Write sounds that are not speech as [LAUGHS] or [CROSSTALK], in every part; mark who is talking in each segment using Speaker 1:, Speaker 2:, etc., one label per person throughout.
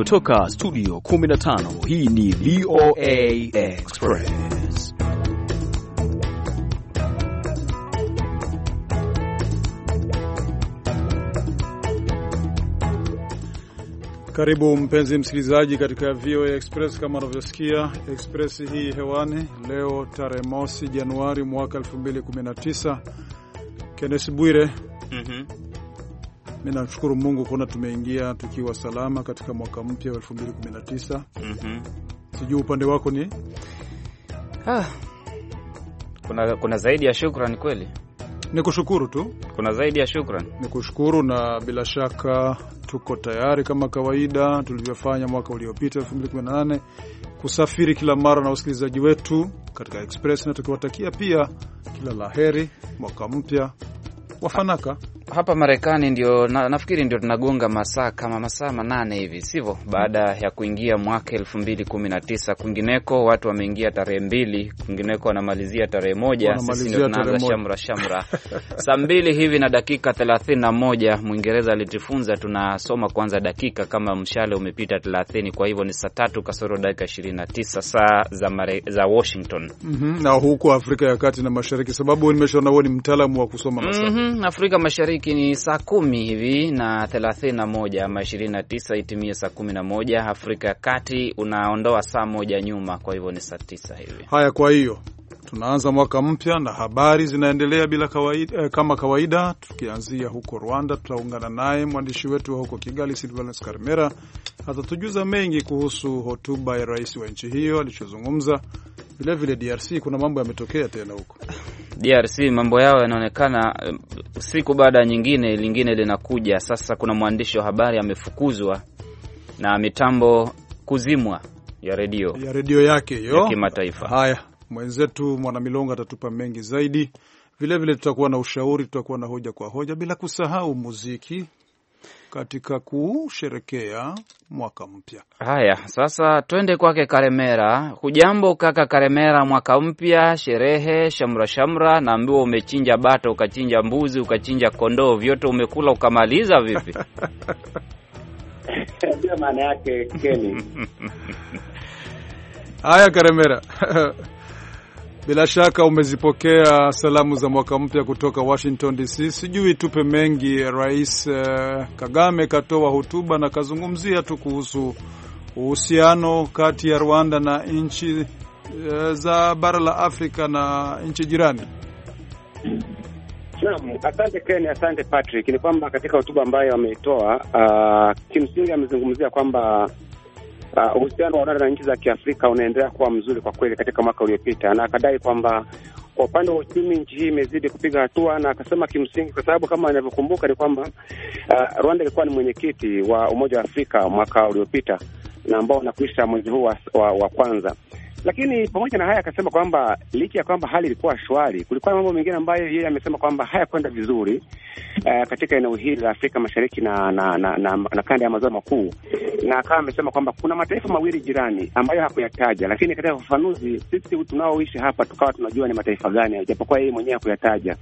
Speaker 1: Kutoka studio 15 hii ni VOA
Speaker 2: Express.
Speaker 3: Karibu mpenzi msikilizaji katika VOA Express. Kama unavyosikia Express hii hewani leo tarehe mosi Januari mwaka 2019. Kennes Bwire. mm -hmm. Mi namshukuru Mungu kuona tumeingia tukiwa salama katika mwaka mpya wa 2019. mm -hmm. Sijui upande wako ni ah.
Speaker 4: Kuna, kuna zaidi ya shukrani kweli
Speaker 3: ni kushukuru tu,
Speaker 4: kuna zaidi ya shukran.
Speaker 3: ni kushukuru na bila shaka tuko tayari kama kawaida tulivyofanya mwaka uliopita 2018 kusafiri kila mara na wasikilizaji wetu katika Express, na tukiwatakia pia kila laheri mwaka mpya wafanaka
Speaker 4: hapa Marekani ndio na, nafikiri ndio tunagonga masaa kama masaa manane hivi sivyo, baada ya kuingia mwaka elfu mbili kumi na tisa. Kwingineko watu wameingia tarehe mbili, kwingineko wanamalizia tarehe moja, sisi ndio tunaanza shamra shamra [LAUGHS] saa mbili hivi na dakika thelathini na moja. Mwingereza alitufunza tunasoma kwanza dakika kama mshale umepita thelathini, kwa hivyo ni saa tatu kasoro dakika ishirini na tisa saa za,
Speaker 3: mare, za Washington mm -hmm, na huku Afrika ya Kati na Mashariki, sababu nimeshaona huo ni mtaalamu wa kusoma masaa mm
Speaker 4: -hmm. Mm, Afrika Mashariki ni saa kumi hivi na thelathini na moja ama ishirini na tisa itimie saa kumi na moja Afrika ya Kati unaondoa saa moja nyuma, kwa hivyo ni saa
Speaker 3: tisa hivi. Haya, kwa hiyo tunaanza mwaka mpya na habari zinaendelea bila kawaida, eh, kama kawaida tukianzia huko Rwanda. Tutaungana naye mwandishi wetu wa huko Kigali Silvanus Karmera atatujuza mengi kuhusu hotuba ya rais wa nchi hiyo alichozungumza. Vilevile DRC kuna mambo yametokea tena huko
Speaker 4: DRC mambo yao yanaonekana eh, siku baada ya nyingine, lingine linakuja. Sasa kuna mwandishi wa habari amefukuzwa na mitambo kuzimwa ya redio ya redio yake yo ya kimataifa.
Speaker 3: Haya, mwenzetu mwanamilongo atatupa mengi zaidi. Vilevile tutakuwa na ushauri, tutakuwa na hoja kwa hoja, bila kusahau muziki katika kusherekea mwaka mpya.
Speaker 4: Haya, sasa twende kwake Karemera. Hujambo kaka Karemera, mwaka mpya, sherehe, shamra shamra. Naambiwa umechinja bata, ukachinja mbuzi, ukachinja kondoo, vyote umekula ukamaliza, vipi? [LAUGHS]
Speaker 5: Ndio maana yake Keni. [LAUGHS]
Speaker 3: Haya Karemera [LAUGHS] Bila shaka umezipokea salamu za mwaka mpya kutoka Washington DC. Sijui tupe mengi. Rais eh, Kagame katoa hotuba na kazungumzia tu kuhusu uhusiano kati ya Rwanda na nchi eh, za bara la Afrika na nchi jirani.
Speaker 5: Naam, asante Ken, asante Patrick. Ni kwamba katika hotuba ambayo ameitoa, uh, kimsingi amezungumzia kwamba Uh, uhusiano wa rwanda na nchi za Kiafrika unaendelea kuwa mzuri kwa kweli katika mwaka uliopita, na akadai kwamba kwa upande wa uchumi nchi hii imezidi kupiga hatua, na akasema kimsingi, kwa sababu kama anavyokumbuka ni kwamba uh, Rwanda ilikuwa ni mwenyekiti wa Umoja wa Afrika mwaka uliopita na ambao unakuisha mwezi huu wa, wa, wa kwanza lakini pamoja na haya akasema kwamba licha ya kwamba hali ilikuwa shwari, kulikuwa na mambo mengine ambayo yeye amesema kwamba hayakwenda vizuri uh, katika eneo hili la Afrika Mashariki na na, na, na, na na kanda ya maziwa makuu, na akawa amesema kwamba kuna mataifa mawili jirani ambayo hakuyataja, lakini katika ufafanuzi sisi tunaoishi hapa tukawa tunajua ni mataifa gani, japokuwa yeye mwenyewe hakuyataja.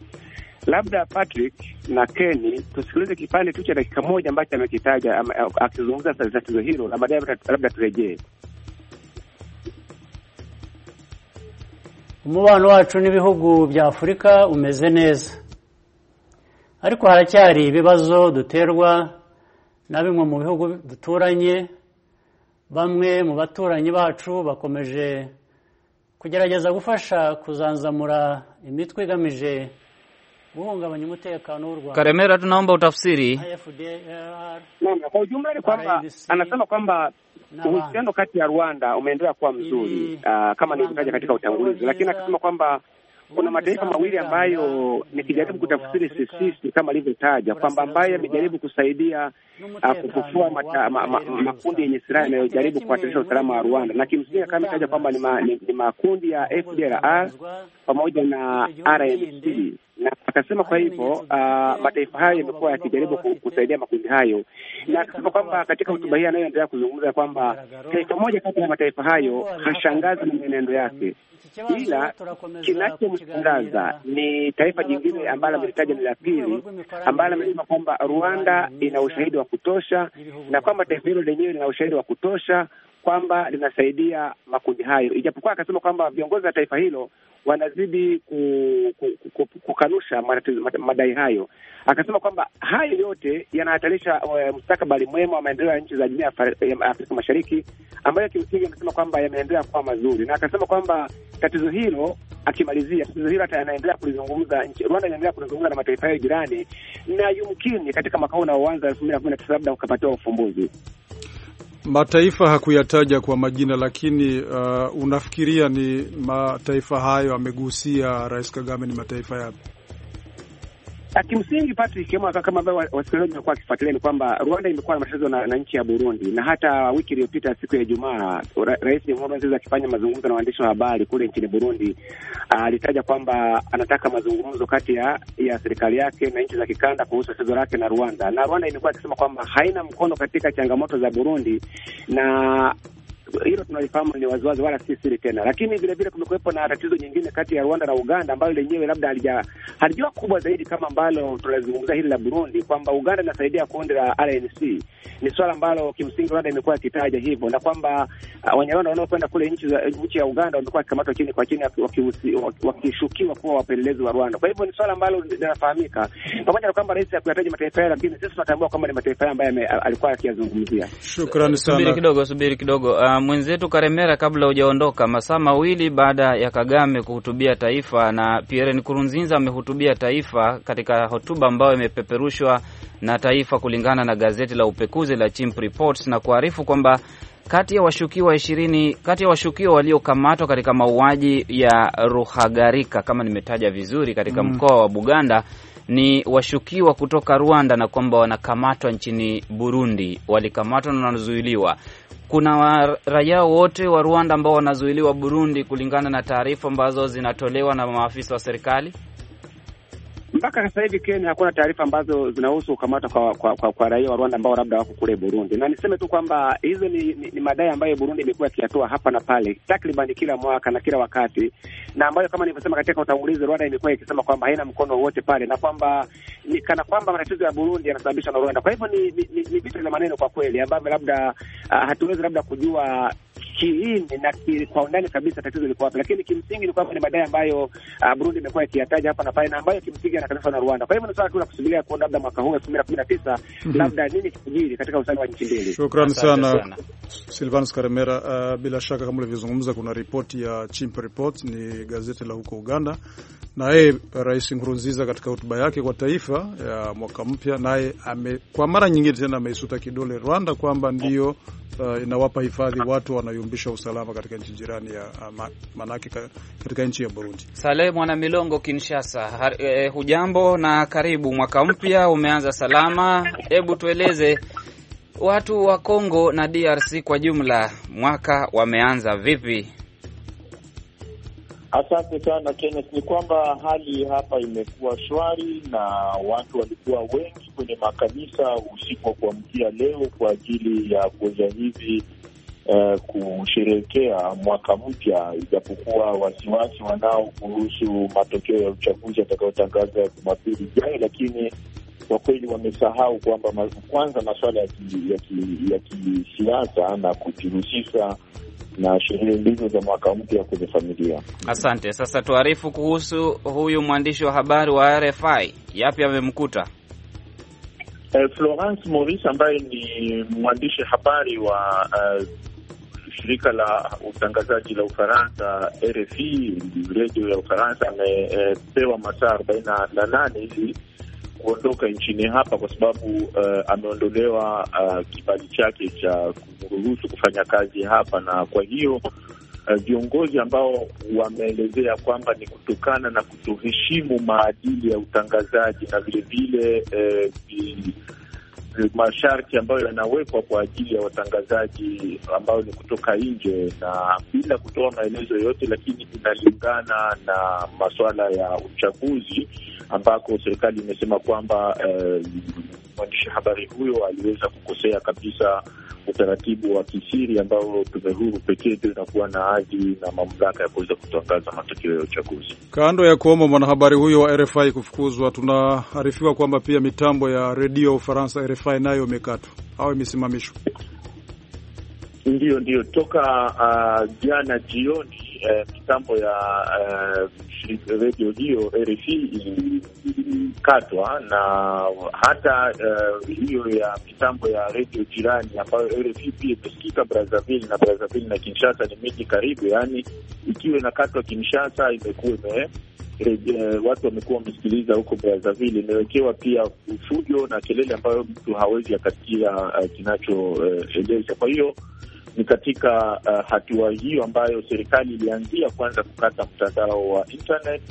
Speaker 5: Labda Patrick na Kenny tusikilize kipande tu cha dakika moja ambacho amekitaja akizungumza tatizo hilo, na baadaye labda turejee. umubano wacu n'ibihugu bya afurika umeze neza ariko haracyari ibibazo duterwa na bimwe mu bihugu duturanye bamwe mu baturanyi bacu bakomeje kugerageza gufasha kuzanzamura imitwe igamije kuhungabanya umutekano w'u Rwanda. Karemera, tunaomba utafsiri. Kwa ujumla ni kwamba anasema kwamba uhusiano kati ya Rwanda umeendelea kuwa mzuri uh, kama nilivyotaja katika utangulizi, lakini akasema kwamba kuna mataifa mawili ambayo nikijaribu kutafsiri sisisi kama alivyotaja kwamba ambayo yamejaribu kusaidia uh, kufufua ma, ma, ma, makundi yenye silaha yanayojaribu kuhatarisha usalama wa Rwanda, na kimsingi kama ametaja kwamba ni, ma, ni, ni makundi ya FDLR pamoja na RNC na akasema kwa hivyo uh, mataifa hayo yamekuwa yakijaribu kusaidia makundi hayo, na akasema kwamba katika hotuba hii anayoendelea kuzungumza kwamba taifa moja kati ya mataifa hayo hashangazi na mienendo yake, ila kinachomshangaza ni taifa jingine ambalo amelitaja ni la pili, ambalo amesema kwamba Rwanda ina ushahidi wa kutosha na kwamba taifa hilo lenyewe lina ushahidi wa kutosha kwamba linasaidia makundi hayo, ijapokuwa akasema kwamba viongozi wa taifa hilo wanazidi ku, ku, ku, ku, kukanusha madai hayo. Akasema kwamba hayo yote yanahatarisha eh, mustakabali mwema wa maendeleo ya nchi za jumuiya ya Afrika Mashariki ambayo kimsingi amesema kwamba yameendelea kuwa mazuri, na akasema kwamba tatizo hilo, akimalizia, tatizo hilo hata anaendelea kulizungumza nchi Rwanda inaendelea kulizungumza na mataifa hayo jirani, na yumkini katika makao unaoanza elfu mbili na kumi na tisa labda ukapatiwa ufumbuzi
Speaker 3: mataifa hakuyataja kwa majina, lakini uh, unafikiria ni mataifa hayo amegusia Rais Kagame ni mataifa yapi?
Speaker 5: Kimsingi Patrick kama kama ambavyo wasikilizaji wamekuwa wakifuatilia, ni kwamba Rwanda imekuwa na matatizo na, na nchi ya Burundi, na hata wiki iliyopita siku ya Ijumaa ra, Rais Nkurunziza akifanya mazungumzo na waandishi wa habari kule nchini Burundi alitaja kwamba anataka mazungumzo kati ya ya serikali yake na nchi za kikanda kuhusu tatizo lake na Rwanda, na Rwanda imekuwa ikisema kwamba haina mkono katika changamoto za Burundi na hilo tunalifahamu ni waziwazi, wala si siri tena. Lakini vile vile kumekuwepo na tatizo nyingine kati ya Rwanda na Uganda ambayo lenyewe labda halijawa kubwa zaidi kama ambalo tunalizungumza hili la Burundi, kwamba Uganda inasaidia kundi la RNC. Ni swala ambalo kimsingi Rwanda imekuwa akitaja hivyo, na kwamba uh, Wanyarwanda wanaokwenda kule nchi za nchi ya Uganda wamekuwa wakikamatwa chini kwa chini, wakishukiwa kuwa wapelelezi wa Rwanda. Kwa hivyo ni swala ambalo linafahamika, pamoja na kwamba rais akuyataja mataifa hayo, lakini sisi tunatambua kwamba ni mataifa ambayo alikuwa akiyazungumzia.
Speaker 3: Shukrani sana. Subiri
Speaker 4: kidogo, subiri kidogo. Uh, mwenzetu Karemera, kabla hujaondoka, masaa mawili baada ya Kagame kuhutubia taifa na Pierre Nkurunziza amehutubia taifa katika hotuba ambayo imepeperushwa na Taifa kulingana na gazeti la upekuzi la Chimp Reports na kuarifu kwamba kati ya washukiwa ishirini kati ya washukiwa waliokamatwa katika mauaji ya Ruhagarika kama nimetaja vizuri katika mm, mkoa wa Buganda ni washukiwa kutoka Rwanda na kwamba wanakamatwa nchini Burundi, walikamatwa na wanazuiliwa kuna raia wote wa Rwanda ambao wanazuiliwa Burundi, kulingana na taarifa ambazo zinatolewa na maafisa wa serikali?
Speaker 5: Mpaka sasa hivi Kenya hakuna taarifa ambazo zinahusu kukamatwa kwa, kwa, kwa, kwa raia wa Rwanda ambao labda wako kule Burundi, na niseme tu kwamba hizo ni, ni, ni madai ambayo Burundi imekuwa ikiyatoa hapa na pale takriban kila mwaka na kila wakati, na ambayo kama nilivyosema katika utangulizi, Rwanda imekuwa ikisema kwamba haina mkono wowote pale na kwamba ni kana kwamba matatizo ya Burundi yanasababishwa na Rwanda. Kwa hivyo ni, ni, ni, ni vitu vya maneno kwa kweli ambavyo labda Ah, hatuwezi labda kujua kiini na kwa undani kabisa tatizo liko wapi, lakini kimsingi ni kwamba ni madai ambayo uh, Burundi imekuwa ikiyataja hapa na pale na ambayo kimsingi yanakadhifwa na Rwanda. Kwa hivyo ni swala tu la kusubiria kuona labda mwaka huu elfu mbili na kumi na tisa mhm. labda nini kikujiri katika usalama wa nchi mbili.
Speaker 3: Shukrani sana Silvanus Karemera. Uh, bila shaka kama ulivyozungumza, kuna ripoti ya Chimp Report, ni gazeti la huko Uganda, naye uh, Rais Nkurunziza katika hotuba yake kwa taifa ya mwaka mpya, naye kwa mara nyingine tena ameisuta kidole Rwanda kwamba ndio uh, inawapa hifadhi watu wanayo kudumisha usalama katika nchi jirani ya ah, manake katika nchi ya Burundi.
Speaker 4: Saleh Mwana Milongo, Kinshasa, eh,
Speaker 3: hujambo na
Speaker 4: karibu. Mwaka mpya umeanza salama, hebu tueleze watu wa Kongo na DRC kwa jumla mwaka wameanza vipi?
Speaker 6: Asante sana Kenneth. Ni kwamba hali hapa imekuwa shwari na watu walikuwa wengi kwenye makanisa usiku wa kuamkia leo kwa ajili ya kuweza hivi kusherekea eh, kusherehekea mwaka mpya, ijapokuwa wasiwasi wanao kuhusu matokeo ya uchaguzi atakayotangaza Jumapili ijayo, lakini kwa kweli wamesahau kwamba kwanza masuala ya kisiasa na kujihusisha na sherehe ndizo za mwaka mpya kwenye familia.
Speaker 4: Asante. Sasa tuarifu kuhusu huyu mwandishi wa habari wa RFI, yapi amemkuta?
Speaker 6: Eh, Florence Maurice ambaye ni mwandishi habari wa uh, shirika la utangazaji la Ufaransa RFI, redio ya Ufaransa, amepewa e, masaa arobaini na nane hivi kuondoka nchini hapa kwa sababu uh, ameondolewa uh, kibali chake cha kuruhusu kufanya kazi hapa, na kwa hiyo eh, viongozi uh, ambao wameelezea kwamba ni kutokana na kutoheshimu maadili ya utangazaji na vilevile uh, masharti ambayo yanawekwa kwa ajili ya watangazaji ambao ni kutoka nje, na bila kutoa maelezo yoyote, lakini inalingana na masuala ya uchaguzi ambako serikali imesema kwamba eh, mwandishi habari huyo aliweza kukosea kabisa utaratibu wa kisiri ambao tume huru pekee ndio inakuwa na hadhi na mamlaka ya kuweza kutangaza matokeo ya uchaguzi.
Speaker 3: Kando ya kuomba mwanahabari huyo wa RFI kufukuzwa, tunaarifiwa kwamba pia mitambo ya redio ya Ufaransa RFI nayo imekatwa au imesimamishwa.
Speaker 6: Ndiyo, ndiyo, toka uh, jana jioni eh, mitambo ya uh, eh, redio hiyo rf ilikatwa, na hata uh, hiyo ya mitambo ya redio jirani ambayo rf pia imesikika Brazzaville, na Brazzaville na Kinshasa ni miji karibu, yaani ikiwa inakatwa Kinshasa imekuwa ime watu wamekuwa wamesikiliza huko Brazzaville, imewekewa pia ufujo na kelele ambayo mtu hawezi akasikia uh, kinachoeleza uh, kwa hiyo ni katika uh, hatua hiyo ambayo serikali ilianzia kwanza kukata mtandao wa internet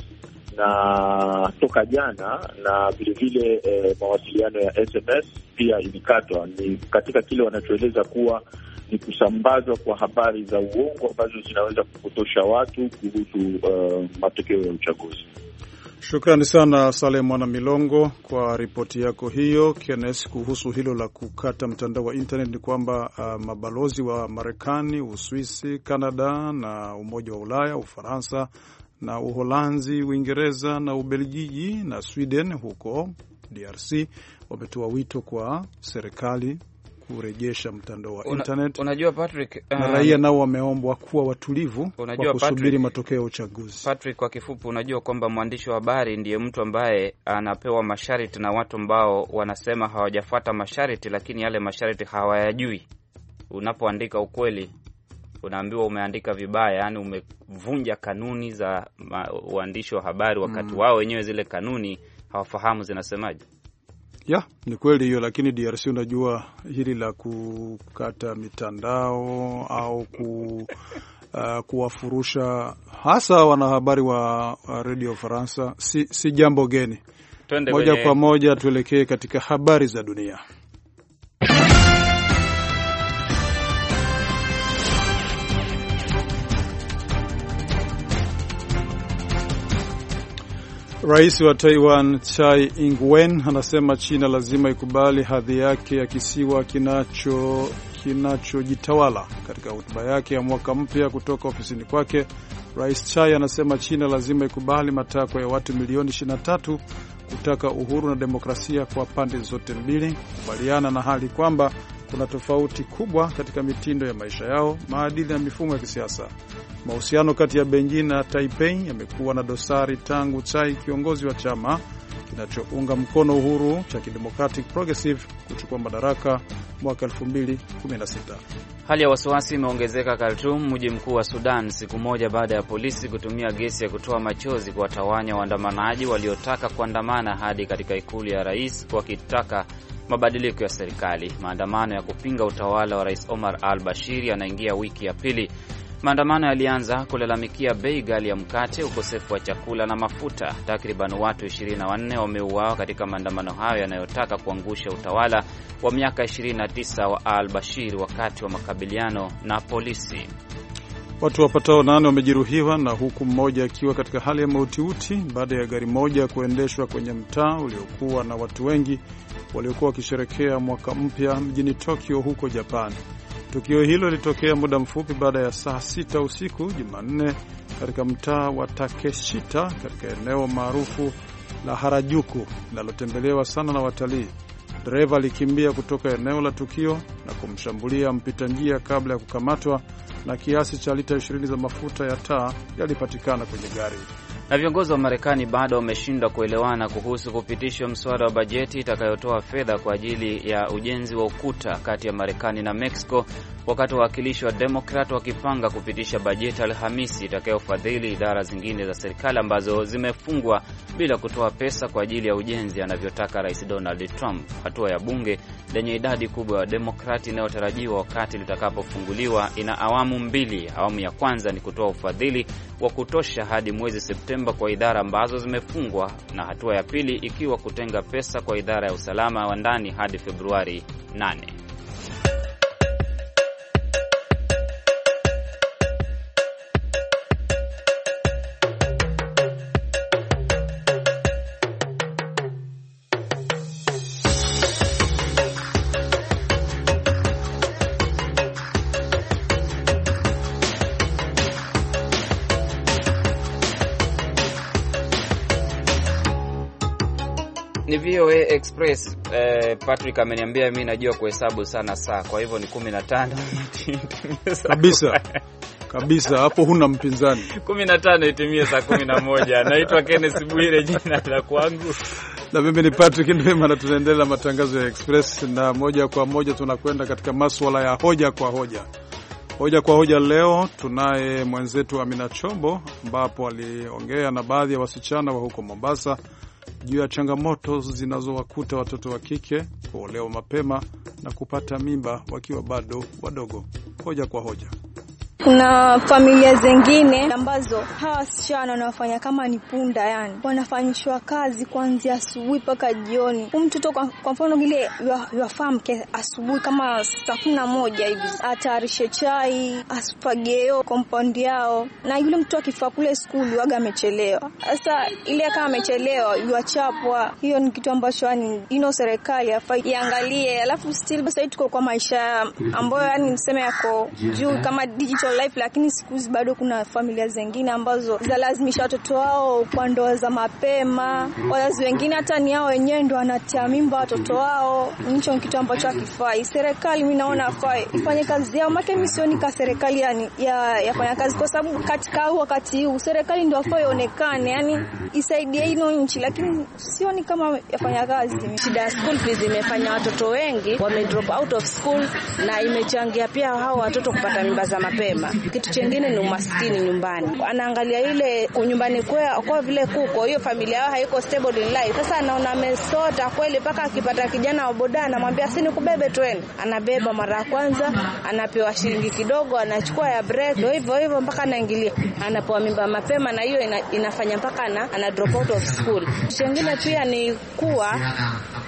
Speaker 6: na toka jana na vilevile eh, mawasiliano ya SMS pia ilikatwa. Ni katika kile wanachoeleza kuwa ni kusambazwa kwa habari za uongo ambazo zinaweza kupotosha watu kuhusu uh, matokeo ya uchaguzi.
Speaker 3: Shukrani sana Saleh Mwana Milongo kwa ripoti yako hiyo. kennes kuhusu hilo la kukata mtandao wa internet ni kwamba uh, mabalozi wa Marekani, Uswisi, Kanada na Umoja wa Ulaya, Ufaransa na Uholanzi, Uingereza na Ubelgiji na Sweden huko DRC wametoa wito kwa serikali kurejesha mtandao wa Una, internet. Unajua Patrick, um, na raia nao wameombwa kuwa watulivu kwa kusubiri matokeo ya uchaguzi.
Speaker 4: Patrick, kwa kifupi, unajua kwamba mwandishi wa habari ndiye mtu ambaye anapewa masharti na watu ambao wanasema hawajafuata masharti, lakini yale masharti hawayajui. Unapoandika ukweli unaambiwa umeandika vibaya, yani umevunja kanuni za uandishi wa habari wakati mm, wao wenyewe zile kanuni hawafahamu zinasemaje.
Speaker 3: Ya, ni kweli hiyo, lakini DRC unajua hili la kukata mitandao au ku [LAUGHS] Uh, kuwafurusha hasa wanahabari wa redio Faransa si, si jambo geni. Moja kwa moja tuelekee katika habari za dunia. Rais wa Taiwan Tsai Ing-wen anasema China lazima ikubali hadhi yake ya kisiwa kinacho kinachojitawala. Katika hotuba yake ya mwaka mpya kutoka ofisini kwake, Rais Tsai anasema China lazima ikubali matakwa ya watu milioni 23 kutaka uhuru na demokrasia kwa pande zote mbili, kukubaliana na hali kwamba kuna tofauti kubwa katika mitindo ya maisha yao, maadili na mifumo ya kisiasa. Mahusiano kati ya Beijing na Taipei yamekuwa na dosari tangu Tsai, kiongozi wa chama kinachounga mkono uhuru cha Kidemocratic Progressive kuchukua madaraka mwaka 2016.
Speaker 4: Hali ya wasiwasi imeongezeka Khartoum, mji mkuu wa Sudan, siku moja baada ya polisi kutumia gesi ya kutoa machozi kuwatawanya waandamanaji waliotaka kuandamana hadi katika ikulu ya rais wakitaka mabadiliko ya serikali. Maandamano ya kupinga utawala wa Rais Omar al-Bashir yanaingia wiki ya pili Maandamano yalianza kulalamikia bei ghali ya mkate, ukosefu wa chakula na mafuta. Takriban watu 24 wameuawa katika maandamano hayo yanayotaka kuangusha utawala wa miaka 29 wa Al Bashir wakati wa makabiliano na polisi.
Speaker 3: Watu wapatao nane wamejeruhiwa na huku mmoja akiwa katika hali ya mautiuti baada ya gari moja kuendeshwa kwenye mtaa uliokuwa na watu wengi waliokuwa wakisherekea mwaka mpya mjini Tokyo huko Japan. Tukio hilo lilitokea muda mfupi baada ya saa sita usiku Jumanne katika mtaa wa Takeshita katika eneo maarufu la Harajuku linalotembelewa sana na watalii. Dereva alikimbia kutoka eneo la tukio na kumshambulia mpita njia kabla ya kukamatwa, na kiasi cha lita 20 za mafuta ya taa yalipatikana kwenye gari.
Speaker 4: Na viongozi wa Marekani bado wameshindwa kuelewana kuhusu kupitishwa mswada wa bajeti itakayotoa fedha kwa ajili ya ujenzi wa ukuta kati ya Marekani na Mexico, wakati wawakilishi wa Demokrat wakipanga kupitisha bajeti Alhamisi itakayofadhili idara zingine za serikali ambazo zimefungwa bila kutoa pesa kwa ajili ya ujenzi anavyotaka Rais Donald Trump, hatua ya bunge lenye idadi kubwa ya wademokrati inayotarajiwa wakati litakapofunguliwa ina awamu mbili. Awamu ya kwanza ni kutoa ufadhili wa kutosha hadi mwezi Septemba Desemba kwa idara ambazo zimefungwa na hatua ya pili ikiwa kutenga pesa kwa idara ya usalama wa ndani hadi Februari 8. Express eh, Patrick ameniambia mi najua kuhesabu sana saa, kwa hivyo ni 15
Speaker 3: [LAUGHS] kabisa kabisa, hapo huna mpinzani.
Speaker 4: 15 itimie saa 11. Naitwa Kenneth Bwire jina la kwangu,
Speaker 3: na mimi ni Patrick Ndwema, na tunaendelea matangazo ya Express na moja kwa moja tunakwenda katika maswala ya hoja kwa hoja. Hoja kwa hoja leo tunaye mwenzetu Amina Chombo, ambapo aliongea na baadhi ya wasichana wa huko Mombasa juu ya changamoto zinazowakuta watoto wa kike kuolewa mapema na kupata mimba wakiwa bado wadogo. Hoja kwa hoja.
Speaker 7: Kuna familia zingine ambazo hawa wasichana wanafanya kama ni punda, yani wanafanyishwa kazi kuanzia asubuhi mpaka jioni. Huyu mtoto kwa, kwa mfano vile yafaa mke asubuhi kama saa kumi na moja hivi atayarishe chai asfageo compound yao, na yule mtu akifa kule skuli waga amechelewa. Sasa ile kama amechelewa yuachapwa. Hiyo ni kitu ambacho yani ino serikali afai iangalie, alafu still basi tuko kwa maisha ambayo yani niseme yako juu kama digital social life, lakini siku hizi bado kuna familia zingine ambazo zalazimisha watoto wao kwa ndoa za mapema. Wazazi wengine hata ni hao wenyewe ndo wanatia mimba watoto wao. Nicho kitu ambacho hakifai. Serikali mimi naona afai ifanye kazi yao, make misioni ka serikali yani ya yafanya kazi, kwa sababu katika huu wakati huu serikali ndio afai ionekane, yani isaidie ino nchi, lakini sioni kama yafanya
Speaker 8: kazi. Shida ya school fees imefanya watoto wengi wame drop out of school na imechangia pia hao watoto kupata mimba za mapema mzima. Kitu kingine ni umaskini nyumbani, anaangalia ile nyumbani kwao, kwa vile kuko hiyo familia yao haiko stable in life. Sasa anaona amesota kweli, mpaka akipata kijana wa boda anamwambia si kubebe twende, anabeba mara ya kwanza, anapewa shilingi kidogo, anachukua ya break, hivyo hivyo mpaka anaingilia, anapewa mimba mapema, na hiyo ina, inafanya mpaka ana, ana drop out of school. kingine pia ni kuwa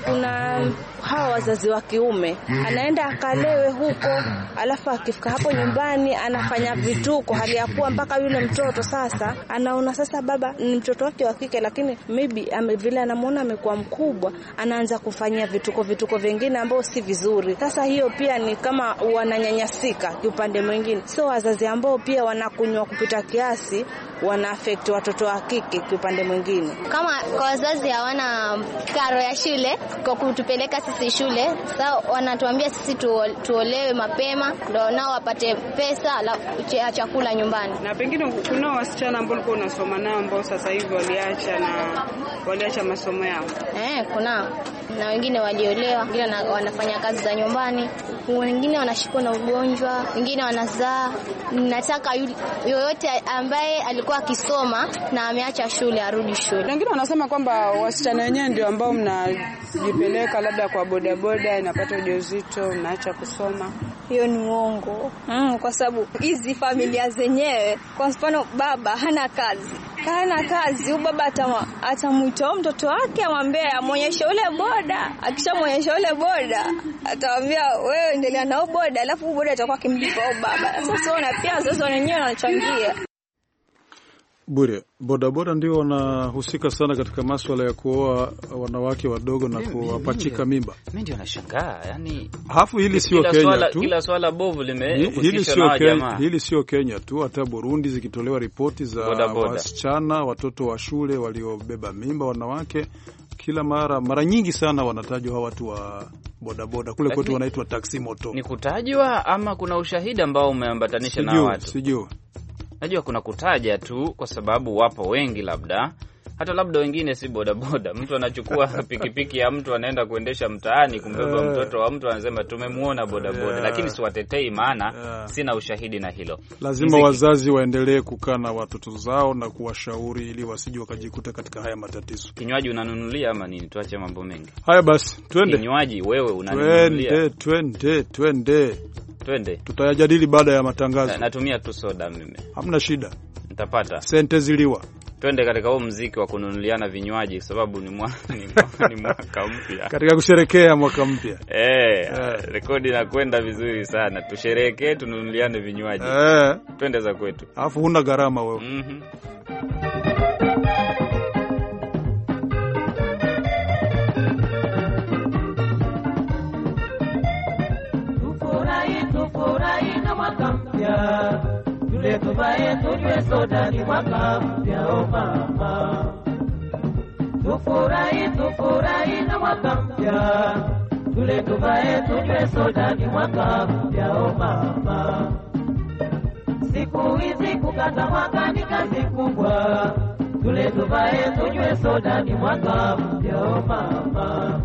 Speaker 8: kuna hawa wazazi wa kiume, anaenda akalewe huko, alafu akifika hapo nyumbani anafanya vituko, hali ya kuwa mpaka yule mtoto sasa anaona sasa baba ni mtoto wake wa kike, lakini maybe ame vile anamwona amekuwa mkubwa, anaanza kufanyia vituko vituko vingine ambao si vizuri. Sasa hiyo pia ni kama wananyanyasika kiupande mwingine, so wazazi ambao pia wanakunywa kupita kiasi wana affect watoto wa kike kiupande mwingine, kama kwa wazazi hawana karo ya shule kwa kutupeleka sisi shule. Sasa wanatuambia sisi tuolewe mapema ndio nao wapate pesa la chakula nyumbani. Na pengine kuna wasichana ambao walikuwa unasoma nao ambao sasa hivi waliacha na waliacha masomo yao. Eh, kuna na wengine waliolewa, wengine wanafanya kazi za nyumbani, wengine wanashikwa na ugonjwa, wengine wanazaa. Nataka yoyote ambaye alikuwa akisoma na ameacha shule arudi shule. Wengine wanasema kwamba wasichana wenyewe ndio ambao mna kujipeleka labda kwa bodaboda, inapata ujauzito, naacha kusoma.
Speaker 7: Hiyo ni uongo mm, kwa sababu hizi familia zenyewe, kwa mfano baba hana kazi kana kazi huyu baba atamwita mtoto wake amwambie amwonyeshe ule boda. Akishamwonyesha ule boda, atamwambia wewe endelea na boda, alafu boda atakuwa akimlipa baba. Sasa ona, pia sasa wenyewe wanachangia.
Speaker 3: Bure, bodaboda ndio wanahusika sana katika maswala ya kuoa wanawake wadogo na kuwapachika mimba. Mimi ndio
Speaker 4: nashangaa, yani
Speaker 3: hafu hili sio Kenya tu,
Speaker 4: kila swala bovu limehusishwa na jamaa.
Speaker 3: Hili sio Kenya tu, hata Burundi zikitolewa ripoti za boda boda, wasichana watoto wa shule waliobeba mimba wanawake kila mara mara nyingi sana wanatajwa hawa watu wa bodaboda kule kwetu wanaitwa taksi moto. Ni kutajwa
Speaker 4: ama kuna ushahidi ambao umeambatanisha na watu? Sijui najua kuna kutaja tu kwa sababu wapo wengi, labda hata labda wengine si bodaboda, mtu anachukua [LAUGHS] pikipiki ya mtu anaenda kuendesha mtaani kumbeba eh. mtoto wa mtu, anasema tumemwona bodaboda yeah. Lakini siwatetei, maana yeah. Sina ushahidi na hilo. Lazima
Speaker 3: Mziki. Wazazi waendelee kukaa na watoto zao na kuwashauri ili wasije wakajikuta katika
Speaker 4: haya matatizo. Kinywaji unanunulia ama nini? Tuache mambo mengi haya, basi twende. Kinywaji wewe unanunulia,
Speaker 3: twende twende twende. Twende, tutayajadili baada ya matangazo.
Speaker 4: Natumia tu soda mimi,
Speaker 3: hamna shida, nitapata sente ziliwa.
Speaker 4: Twende katika huu mziki wa kununuliana vinywaji sababu ni, mwa, [LAUGHS] ni, mwa, ni mwaka mpya katika
Speaker 3: kusherekea mwaka mpya
Speaker 4: hey, yeah. Eh. Rekodi inakwenda vizuri sana, tusherekee, tununuliane vinywaji yeah. Twende za kwetu,
Speaker 3: alafu huna gharama wewe mm -hmm.
Speaker 2: yule tubaye tunywe soda, ni mwaka mpya o oh mama, tufurahi tufurahi na mwaka mpya. Yule tubaye tunywe soda, ni mwaka mpya o oh mama. Siku hizi kukata mwaka ni kazi kubwa, yule tubaye tunywe soda, ni mwaka mpya o oh mama.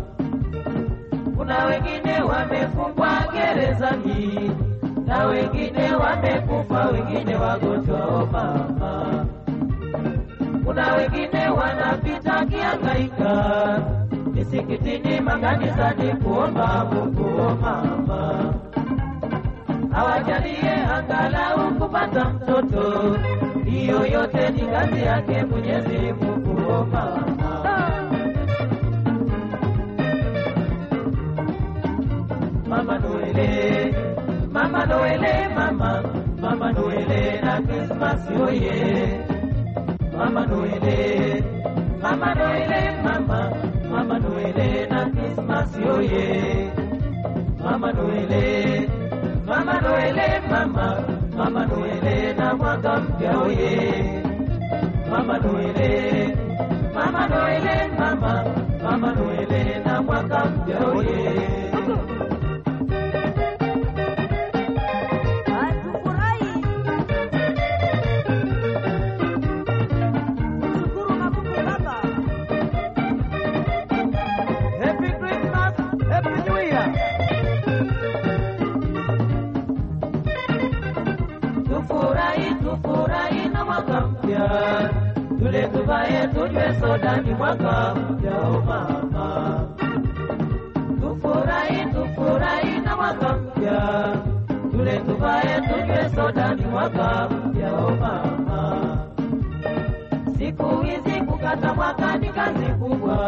Speaker 2: Kuna wengine wamefungwa gerezani na wengine wamekufa, wengine wagonjwa mama, kuna wengine wanapita kiangaika misikitini, makanisani kuomba Mungu o mama, awajalie angalau kupata mtoto. Hiyo yote ni kazi yake Mwenyezi Mungu o mama. Mama Noele, Mama, Mama Noele, na Christmas yoye. Mama Noele, Mama Noele, Mama, Mama Noele, na Christmas yoye. Mama Noele, Mama Noele, Mama, Mama Noele, na mwaka mpya oye. Mama Noele, Mama Noele, Mama, Mama Noele, na mwaka mpya oye. mpya, tule tuvae, tunywe soda, ni mwaka mpya oh mama, tufurahi, tufurahi na mwaka mpya, tule tuvae, tunywe soda, ni mwaka mpya oh mama. Siku hizi kukata mwaka ni kazi kubwa,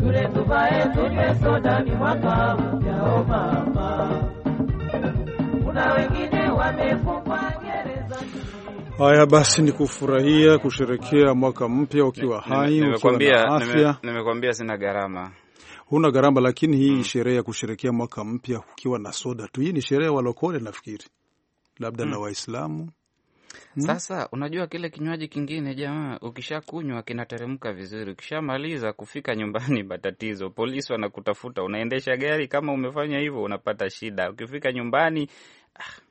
Speaker 2: tule tuvae, tunywe soda, ni mwaka mpya oh mama. Kuna wengine wamefungwa gerezani.
Speaker 3: Haya basi, ni kufurahia kusherekea mwaka mpya ukiwa hai, ukiwa na afya.
Speaker 4: Nimekwambia sina gharama
Speaker 3: huna gharama, lakini hii hmm, sherehe ya kusherekea mwaka mpya ukiwa na soda tu, hii ni sherehe walokole nafikiri, labda hmm, na Waislamu hmm. Sasa
Speaker 4: unajua kile kinywaji kingine jamaa, ukishakunywa kinateremka vizuri, ukishamaliza kufika nyumbani [LAUGHS] matatizo, polisi wanakutafuta, unaendesha gari kama umefanya hivyo unapata shida, ukifika nyumbani ah,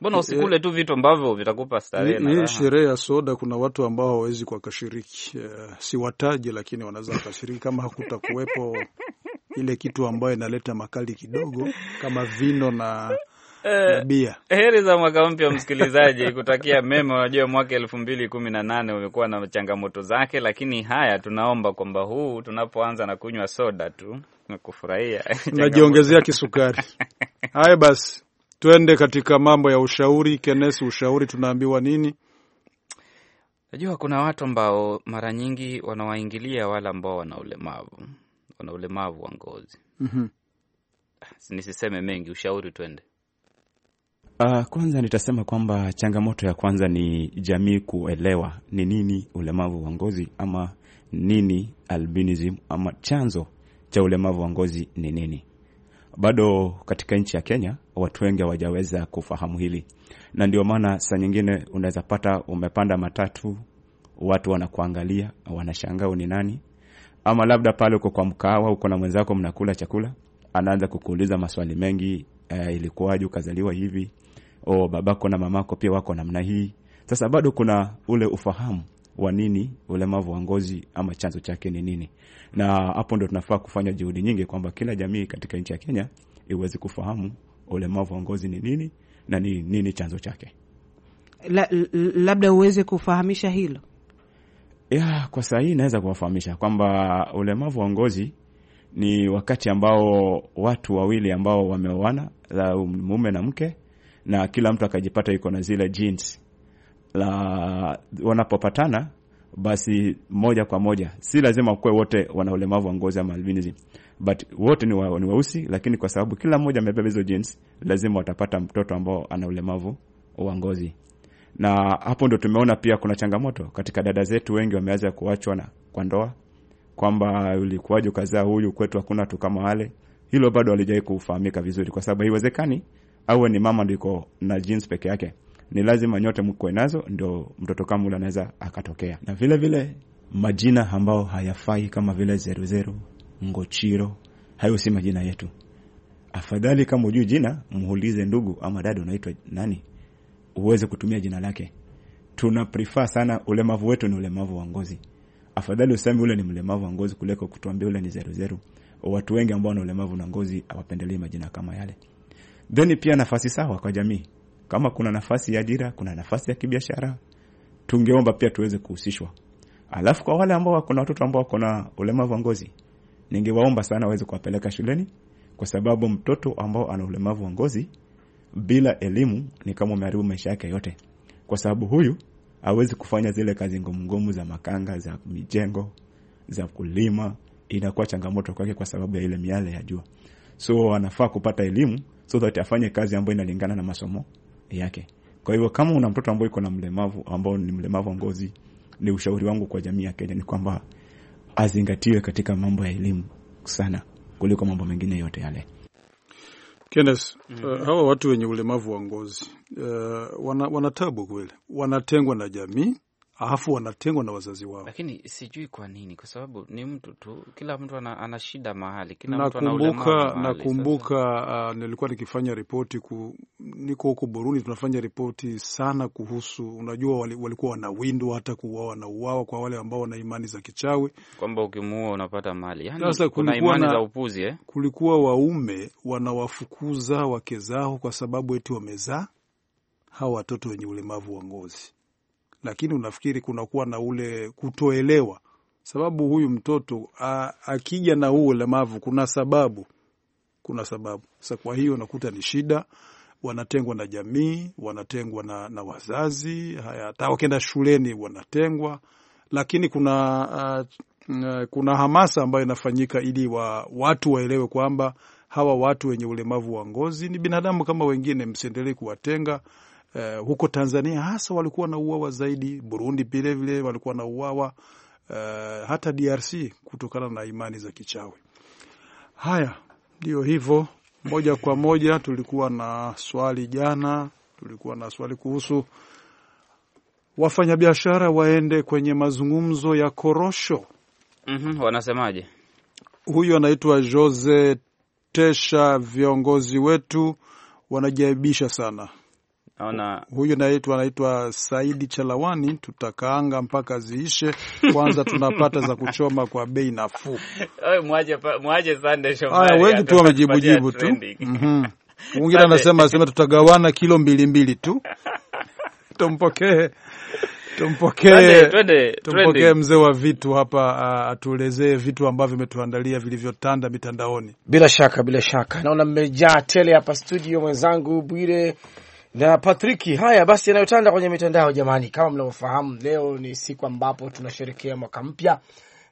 Speaker 4: Mbona usikule tu vitu ambavyo vitakupa starehe? Ni, sherehe
Speaker 3: ya soda. Kuna watu ambao hawawezi wakashiriki, eh, si siwataje, lakini wanaweza wakashiriki kama hakutakuwepo [LAUGHS] ile kitu ambayo inaleta makali kidogo kama vino na Uh,
Speaker 4: heri za mwaka mpya msikilizaji, kutakia mema. Unajua mwaka elfu mbili kumi na nane umekuwa na changamoto zake, lakini haya tunaomba kwamba huu tunapoanza na kunywa soda tu na kufurahia, [LAUGHS] najiongezea
Speaker 3: kisukari. [LAUGHS] Haya basi. Twende katika mambo ya ushauri. Kenesi, ushauri tunaambiwa nini?
Speaker 4: Najua kuna watu ambao mara nyingi wanawaingilia wale ambao wana ulemavu, wana ulemavu wa ngozi. mm -hmm. Nisiseme mengi, ushauri twende.
Speaker 1: Uh, kwanza nitasema kwamba changamoto ya kwanza ni jamii kuelewa ni nini ulemavu wa ngozi ama nini albinism ama chanzo cha ulemavu wa ngozi ni nini bado katika nchi ya Kenya watu wengi hawajaweza kufahamu hili, na ndio maana saa nyingine unaweza pata umepanda matatu, watu wanakuangalia, wanashangaa ni nani, ama labda pale uko kwa mkahawa, uko na mwenzako, mnakula chakula, anaanza kukuuliza maswali mengi e, ilikuwaje ukazaliwa hivi? O, oh, babako na mamako pia wako namna hii. Sasa bado kuna ule ufahamu wa nini ulemavu wa ngozi ama chanzo chake ni nini, na hapo ndo tunafaa kufanya juhudi nyingi kwamba kila jamii katika nchi ya Kenya iweze kufahamu ulemavu wa ngozi ni nini na ni nini chanzo chake.
Speaker 8: La, labda uweze kufahamisha hilo
Speaker 1: ya, kwa saa hii naweza kuwafahamisha kwamba ulemavu wa ngozi ni wakati ambao watu wawili ambao wameoana mume na mke na kila mtu akajipata iko na zile genes la wanapopatana basi moja kwa moja, si lazima kuwe wote wana ulemavu wa ngozi ama albinism, but wote ni weusi, lakini kwa sababu kila mmoja amebeba hizo genes, lazima watapata mtoto ambao ana ulemavu wa ngozi. Na hapo ndo tumeona pia kuna changamoto katika dada zetu, wengi wameanza kuachwa na kwa ndoa, kwamba ulikuwaje ukazaa huyu, kwetu hakuna watu kama wale. Hilo bado halijawai kufahamika vizuri, kwa sababu haiwezekani awe ni mama ndiko na genes peke yake ni lazima nyote mkuwe nazo, ndio mtoto kama ule anaweza akatokea. Na vile vile majina ambayo hayafai kama vile zeruzeru, ngochiro, hayo si majina yetu. Afadhali kama ujui jina, muulize ndugu ama dada, unaitwa nani, uweze kutumia jina lake. Tuna prefer sana, ulemavu wetu ni ulemavu wa ngozi. Afadhali useme ule ni mlemavu wa ngozi kuliko kutuambia ule ni zeruzeru. Watu wengi ambao wana ulemavu na ngozi hawapendelei majina kama yale. Then pia nafasi sawa kwa jamii kama kuna nafasi ya ajira, kuna nafasi ya kibiashara, tungeomba pia tuweze kuhusishwa. Alafu kwa wale ambao kuna watoto ambao wako na ulemavu wa ngozi, ningewaomba sana waweze kuwapeleka shuleni, kwa sababu mtoto ambao ana ulemavu wa ngozi bila elimu ni kama umeharibu maisha yake yote, kwa sababu huyu hawezi kufanya zile kazi ngumu ngumu za makanga, za mijengo, za kulima. Inakuwa changamoto kwake kwa sababu ya ile miale ya jua, so anafaa kupata elimu so that afanye kazi ambayo inalingana na masomo yake. Kwa hivyo kama una mtoto ambaye iko na mlemavu ambao ni mlemavu wa ngozi, ni ushauri wangu kwa jamii ya Kenya ni kwamba azingatiwe katika mambo ya elimu sana kuliko mambo mengine yote yale.
Speaker 3: Kenneth, mm -hmm. Uh, hawa watu wenye ulemavu wa ngozi uh, wana, wana tabu kweli, wanatengwa na jamii alafu wanatengwa na wazazi wao.
Speaker 4: Lakini sijui kwa nini, kwa sababu ni mtu tu, kila mtu ana, ana shida mahali, kila mtu ana Nakumbuka
Speaker 3: uh, nilikuwa nikifanya ripoti ku, niko huko Burundi, tunafanya ripoti sana kuhusu, unajua wali, walikuwa wanawindwa hata kuuawa, wanauawa kwa wale ambao wana imani za kichawi
Speaker 4: kwamba ukimuua unapata mali. Yani, sasa imani na, za upuzi, eh?
Speaker 3: Kulikuwa waume wanawafukuza wake zao kwa sababu eti wamezaa hawa watoto wenye ulemavu wa ngozi lakini unafikiri kunakuwa na ule kutoelewa, sababu huyu mtoto a, akija na huu ulemavu kuna sababu, kuna sababu. Sa kwa hiyo unakuta ni shida, wanatengwa na jamii, wanatengwa na, na wazazi, hata wakienda shuleni wanatengwa, lakini kuna a, kuna hamasa ambayo inafanyika ili wa, watu waelewe kwamba hawa watu wenye ulemavu wa ngozi ni binadamu kama wengine, msiendelee kuwatenga Uh, huko Tanzania hasa walikuwa na uawa zaidi, Burundi vilevile walikuwa wanauawa uh, eh, hata DRC kutokana na imani za kichawi. Haya, ndio hivyo moja kwa moja. Tulikuwa na swali jana, tulikuwa na swali kuhusu wafanyabiashara waende kwenye mazungumzo ya korosho.
Speaker 4: mm -hmm, wanasemaje?
Speaker 3: Huyu anaitwa Jose Tesha, viongozi wetu wanajaibisha sana Naona huyu naitwa anaitwa Saidi Chalawani, tutakaanga mpaka ziishe kwanza, tunapata za kuchoma kwa bei nafuu.
Speaker 4: [LAUGHS] Mwaje mwaje Sande Shomari. wengi tu wamejibujibu tu.
Speaker 3: Mhm. [LAUGHS] Mwingine anasema sema tutagawana kilo mbili mbili tu. [LAUGHS] Tumpokee. Tumpokee. Tumpokee mzee wa vitu hapa atuelezee vitu ambavyo umetuandalia vilivyotanda mitandaoni.
Speaker 9: Bila shaka, bila shaka. Naona mmejaa tele hapa studio, mwenzangu Bwire na Patrick. Haya basi, yanayotanda kwenye mitandao jamani, kama mnavyofahamu, leo ni siku ambapo tunasherekea mwaka mpya.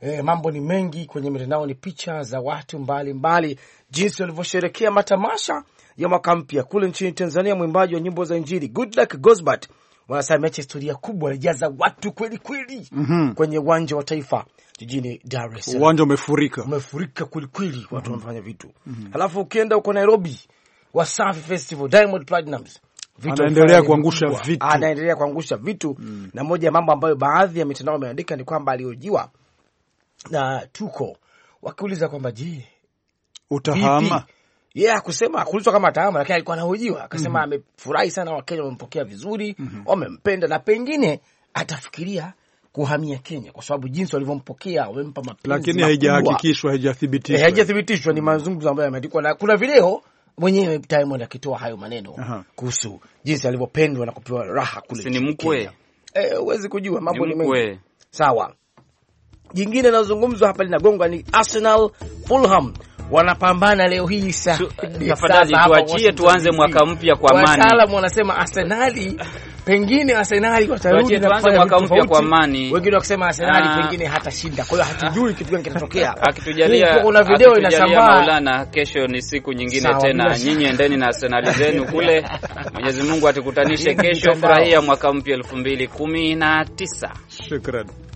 Speaker 9: E, mambo ni mengi kwenye mitandao, ni picha za watu mbalimbali mbali, jinsi walivyosherekea matamasha ya mwaka mpya kule nchini Tanzania. Mwimbaji wa nyimbo za Injili Goodluck Gozbert wanasema ameacha historia kubwa, alijaza watu kweli kweli, mm -hmm. kwenye uwanja wa Taifa jijini Dar es Salaam, uwanja
Speaker 3: umefurika, umefurika kweli kweli, watu mhm. wanafanya mm -hmm. vitu mm -hmm.
Speaker 9: Halafu ukienda uko Nairobi, Wasafi Festival, Diamond Platnumz
Speaker 3: anaendelea kuangusha vitu,
Speaker 9: anaendelea kuangusha vitu mm. Na moja ya mambo ambayo baadhi ya mitandao imeandika ni kwamba aliojiwa na tuko wakiuliza kwamba je, utahama yeye yeah, akusema kuulizwa kama atahama, lakini alikuwa anahojiwa akasema mm -hmm. amefurahi sana, Wakenya wamempokea vizuri mm -hmm. wamempenda na pengine atafikiria kuhamia Kenya kwa sababu jinsi walivyompokea wamempa mapenzi, lakini haijahakikishwa,
Speaker 3: haijathibitishwa, eh, haijathibitishwa.
Speaker 9: Ni mm-hmm. mazungumzo ambayo yameandikwa na kuna video mwenyewe Diamond akitoa hayo maneno kuhusu jinsi alivyopendwa na kupewa raha kule. Ni mkwe eh, huwezi kujua mambo ni mengi. Sawa, jingine linalozungumzwa hapa linagonga ni Arsenal Fulham wanapambana leo hii saa. Tafadhali tuachie
Speaker 4: tuanze mwaka mpya kwa amani. Wataalamu
Speaker 9: wanasema Arsenali pengine Arsenal watarudi na kufanya mwaka mpya kwa amani. Wengine wakisema Arsenal ah. pengine hatashinda, kwa hiyo hatujui kitu gani kitatokea. [LAUGHS]
Speaker 4: Akitujalia kuna video inasambaa Maulana, kesho ni siku nyingine Sao, tena, nyinyi endeni na Arsenal zenu [LAUGHS] kule. Mwenyezi Mungu atukutanishe kesho. Furahia mwaka mpya 2019.
Speaker 3: Shukrani.